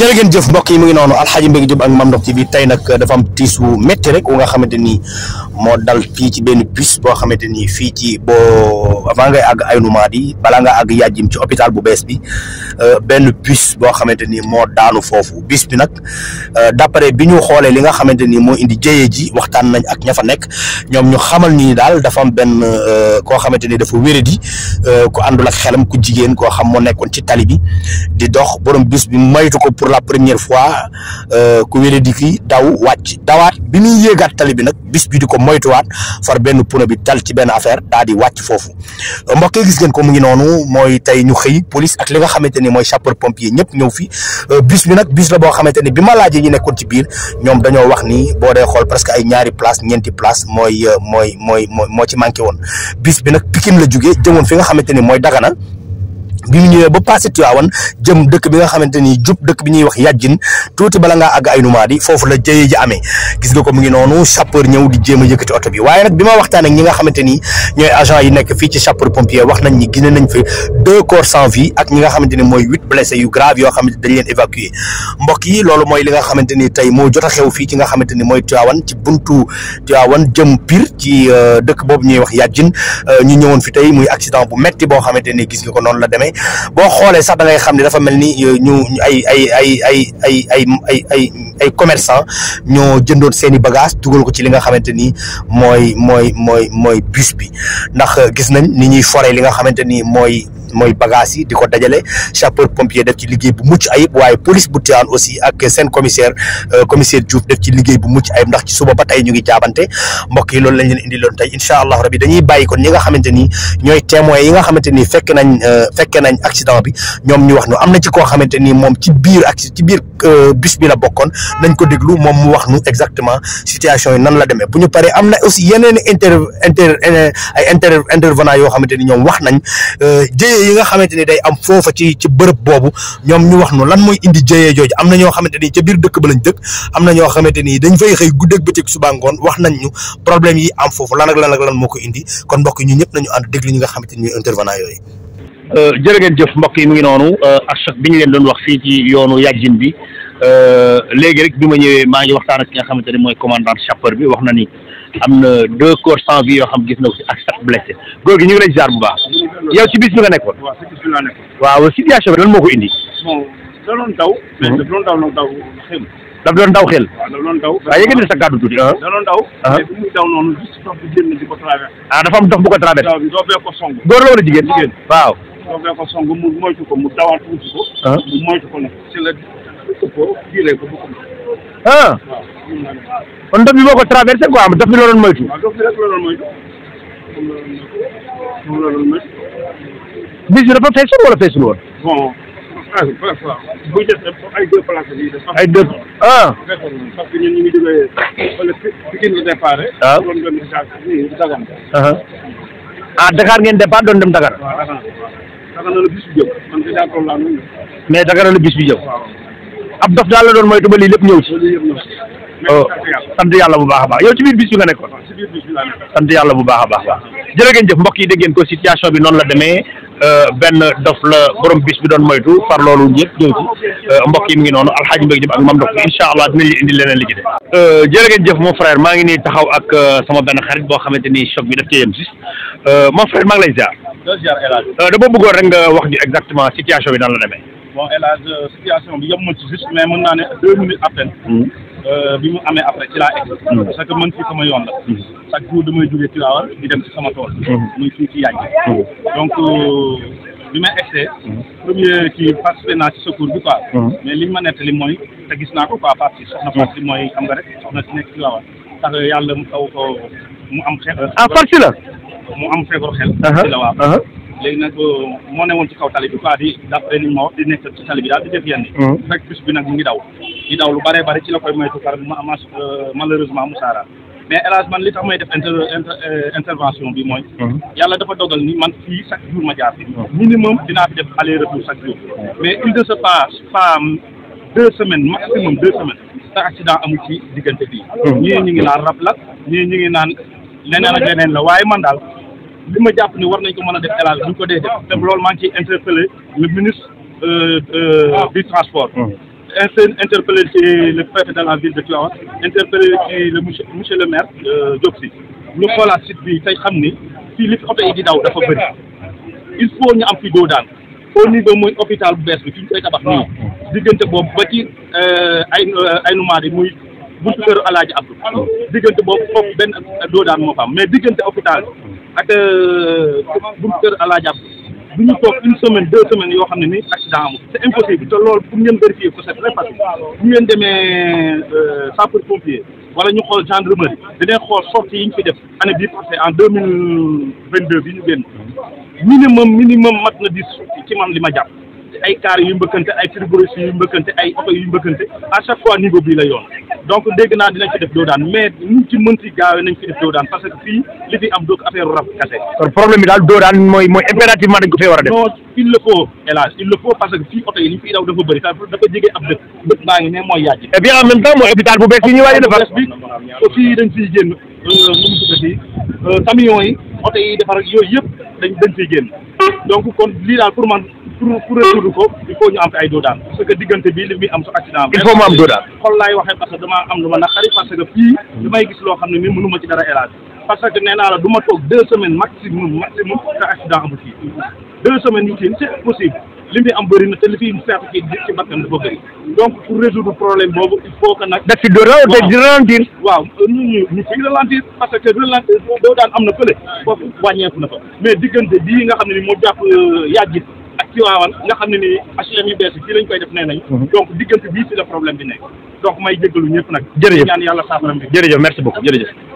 jërë ngeen jëf mbokk yi mu ngi noonu alxaaji Mbégi Jóob ak Mame Ndokh ci bi tey nag dafa am tiis wu métti rek wu nga xamante ni moo dal fii ci benn bus boo xamante ni fii ci boo avant ngay àgg Aynu Maadi balaa nga àgg yàjjim ci hôpital bu bees bi euh, benn bus boo xamante ni moo daanu foofu bus bi nag euh, d'après bi ñu xoolee li nga xamante ni moo indi jëye ji waxtaan nañ ak ña fa nekk ñoom ñu xamal ni daal dafa am benn euh, koo xamante ni dafa wéradi Euh, ku àndul ak xelam ku jigéen koo xam moo nekkoon ci tali bi di dox borom bis bi maytu ko pour la première fois euh, ku wéree di kii daw wàcc dawaat bi muy yéegaat tali bi nag bis bi di ko waat far benn pono bi dal ci benn affaire daa di wàcc foofu mbokk yi gis ngeen ko mu ngi noonu mooy tey ñu xëy police ak li nga xamante ni mooy sapeur pompier ñëpp ñëw fi euh, bis bi nag bis la boo xamante ni bi ma laajee ñu nekkoon ci biir ñoom dañoo wax ni boo dee xool presque ay ñaari place ñeenti place mooy mooy mooy moo ci manqué woon bis bi nag xamante ni mooy Dagana bi ñu ñëwee ba passé Tivaouane jëm dëkk bi nga xamante ni jub dëkk bi ñuy wax yàjjin tuuti bala ngaa àgg ay numaadi foofu la jëye ji amee gis nga ko mu ngi noonu sapeur ñëw di jéem a yëkkati oto bi waaye nag bi ma waxtaan ak ñi nga xamante ni ñooy agent yi nekk fii ci sapeur pompier wax nañ ñi ginee nañ fi deux corps sans ak ñi nga xamante ni mooy huit blessés yu grave yoo xamante dañ leen évacuer mbokk yi loolu mooy li nga xamante ni tey moo jot a fii ci nga xamante ni mooy Tivaouane ci buntu Tivaouane jëm Pire ci euh, dëkk boobu ñuy wax yàjjin euh, ñu ñëwoon fi tey muy accident bu metti boo xamante ni gis nga ko noonu la demee boo xoolee sax da ngay xam ne dafa mel ni ñu ay ay ay ay ay ay ay ay ay commerçant ñoo jëndoon seen i bagage dugal ko ci li nga xamante ni mooy mooy mooy mooy bus bi ndax gis nañ ni ñuy fore li nga xamante ni mooy mooy bagages yi di ko dajale sapeur pompier def ci liggéey bu mucc ayib waaye police bu Tivaouane aussi ak seen commissaire euh, commissaire Diouf def ci liggéey bu mucc ayib ndax ci suba ba tey ñu ngi jaabante mbokk yi loolu lañ leen indi loon tey incha allah rabi dañuy bàyyi kon ñi nga xamante ni ñooy témoins yi nga xamante ni nañ euh, fekke nañ accident bi ñoom ñu wax nu am na ci koo xamante ni moom ci biir ak ci biir euh, bus la bokkoon nañ ko déglu moom mu wax nu exactement situation yi nan la demee bu ñu paree am na aussi yeneen inter inter ay inter intervenant yoo xamante ni ñoom wax nañ yi nga xamante ni day am foofa ci ci bërëb boobu ñoom ñu wax nu lan mooy indi jëyee jooju am na ñoo xamante ni ca biir dëkk ba lañ dëkk am na ñoo xamante ni dañ fay xëy guddeeg bëccëg suba ngoon wax nañ ñu problème yi am foofu lan ak lan ak lan moo ko indi kon mbokk ñu ñëpp nañu ànd déglu ñi nga xamante ni intervenant yooyu euh, jërë ngeen jëf mbokk yi mu ngi noonu euh, ak choc bi ñu leen doon wax fii ci yoonu yàjjin bi Euh, léegi rek bi ma ñëwee maa ngi waxtaan ak ki nga xamante ne mooy commandant sapeur bi wax na ni am na deux corps bi vie yoo xam gis na ko si ak sax blessé góor gi ñu ngi lay ziar bu baax yow ci bis bi nga nekkoon. waaw ci bis bi laa waaw moo ko indi. bon da doon daw. mais daf doon daw nag daw xel. daf doon daw xel. waaw daf doon daw. waaye yëngal na sa kàddu tuuti. Ah. da doon ah. di ko traversé. ah dox bu ko traversé. waaw doo bee ko song. waaw. ah kon ndox bi ko traversé quoi ndox bi la doon moytu. bis bi dafa feesul wala feesul woon. bon ay deux places yi def. ay deux ah. parce que ah. dem Dakar. Ah. ah Dakar ngeen départ doon dem Dakar. waaw Dakar. Dakar bis bi jëm. man ab dof daal la doon moytu ba lii lépp ñëw ci. Oh, sant yàlla bu baax a baax yow ci biir bis bi nga nekkoon sant yàlla bu baax a baax baax jërë ngeen jëf mbokk yi dégg ngeen ko situation bi noonu la demee euh, benn dof la borom bis bi doon moytu par loolu yëpp ñëw ci euh, mbokk yi mu ngi noonu alxaaji mbéy jëm ak mam dof incha allah dinañ indi leneen li ci de euh, jërë ngeen jëf mon frère maa ngi nii taxaw ak sama benn xarit boo xamante ni choc bi daf cee yem si mon frère maa ngi lay ziar dama bëggoon rek nga wax ñu exactement situation bi noonu la demee bon la Hadj situation bi yem ma ci juste mais mën naa ne deux minutes à mm. euh, bi mu amee après ci laa egg. parce mm. que man fii sama yoon la. Mm. chaque jour damay jógee Tivaouane di dem ci sama tool. muy fii ci Yagg. donc euh, bi ma egsee. premier ci participé naa ci secours bi quoi. mais li ma nettali mooy te gis naa ko quoi parce que soxna Fatou mooy xam nga rek soxna si nekk Tivaouane tax yàlla mu taw ko mu am. xeetu ah Fatou la. mu am feebaru xel. ci uh-huh. la léegi nag euh, moo ne woon ci kaw tali bi quoi di d'après di nekk ci bi daal di def yenn mm. fekk bus bi nag mu ngi daw di daw lu bare bare ci la koy moytu par ma euh, malheureusement mu saara mais hélas man li tax may def euh, intervention bi mooy mm. yàlla dafa dogal ni man fii chaque jour ma jaar fi mm. minimum dinaa fi def aller retour chaque jour mais il ne se passe pas deux semaines maximum deux semaines te accident amul ci diggante bi ñii ñu ngi naan rab la ñii ñu ngi naan leneen ak leneen la waaye man li ma jàpp ni war nañ ko mën a def élage bu ñu ko dee def te loolu maa ngi ciy interpellé le ministre euh, euh, du transport interpellé ci le préfet de la ville de Tivaouane interpellé ci le monsieur monsieur le maire euh, Diop Sy ñu xoolaat site bi tey xam ni fii li fi oto yi di daw dafa bëri il faut ñu am fi doo daan au niveau muy hôpital bu bees bi fi ñu koy tabax nii diggante boobu ba ci ay ay numaari muy buntu këru Alaaji Abdou diggante boobu foofu benn doo daan moo fa am mais diggante hôpital ak euh, bu kër Alaaji Abdou du ñu toog une semaine deux semaines yoo xam ne ni accident amul c' est impossible te loolu pour ngeen vérifier ko c' est très bu ngeen demee euh, sapeur pompier wala ñu xool gendarmerie dinañ xool sortie yi ñu fi def année bii passée en deux mille vingt deux bi ñu génn minimum minimum mat na dix ci man li ma jàpp ay kaar yu mbëkkante ay frigoriste yu mbëkkante ay oto yu mbëkkante à chaque fois niveau bii la yoon. donc dégg naa dinañ fi def doo mais ñu ci mënti gaawee nañ fi def doo parce que fii li fi am doog affaire rab kase. kon problème bi daal doo a def. non il le parce que fii oto yi li ñu fiy daw dafa bëri dafa dafa jege ab dëkk dëkk baa ngi ne mooy yaaj. et eh en même temps mooy hôpital bu bees yi ñu waaj defar. aussi dañ fiy génn euh, nu mu tuddati euh, camion yi. oto yi defar ak yooyu yëpp dañ dañ see génn donc kon lii daal pour man pour pour ko il faut ñu am ay doodaan parce diggante bi li muy am su accident il faut mu am doodaan xol laay waxee parce que am lu ma naqari parce que fii damay gis loo xam ne nii mënu ma ci dara élargi parce que nee naa la du toog deux semaines maximum maximum te accident amul fii deux semaines yu tiin c'est possible li muy am bëri na te li fiy faatu ci ci bakkan dafa bëri pour résoudre problème boobu il faut que nag. daf ci doon rawatina di ralentir. waaw ñu ñu ñu fiy ralentir parce que daan am na fële foofu wàññeeku na fa mais diggante bii nga xam ne ni moo jàpp euh, yàggit ak ci waawan nga xam ne ni HLM yu bees yi fii lañ koy def nee nañ. Mhm. donc diggante bii ci la problème bi nekk donc may jéggalu ñëpp nag. jërëjëf ñaan yàlla saafara bi jërëjëf merci beaucoup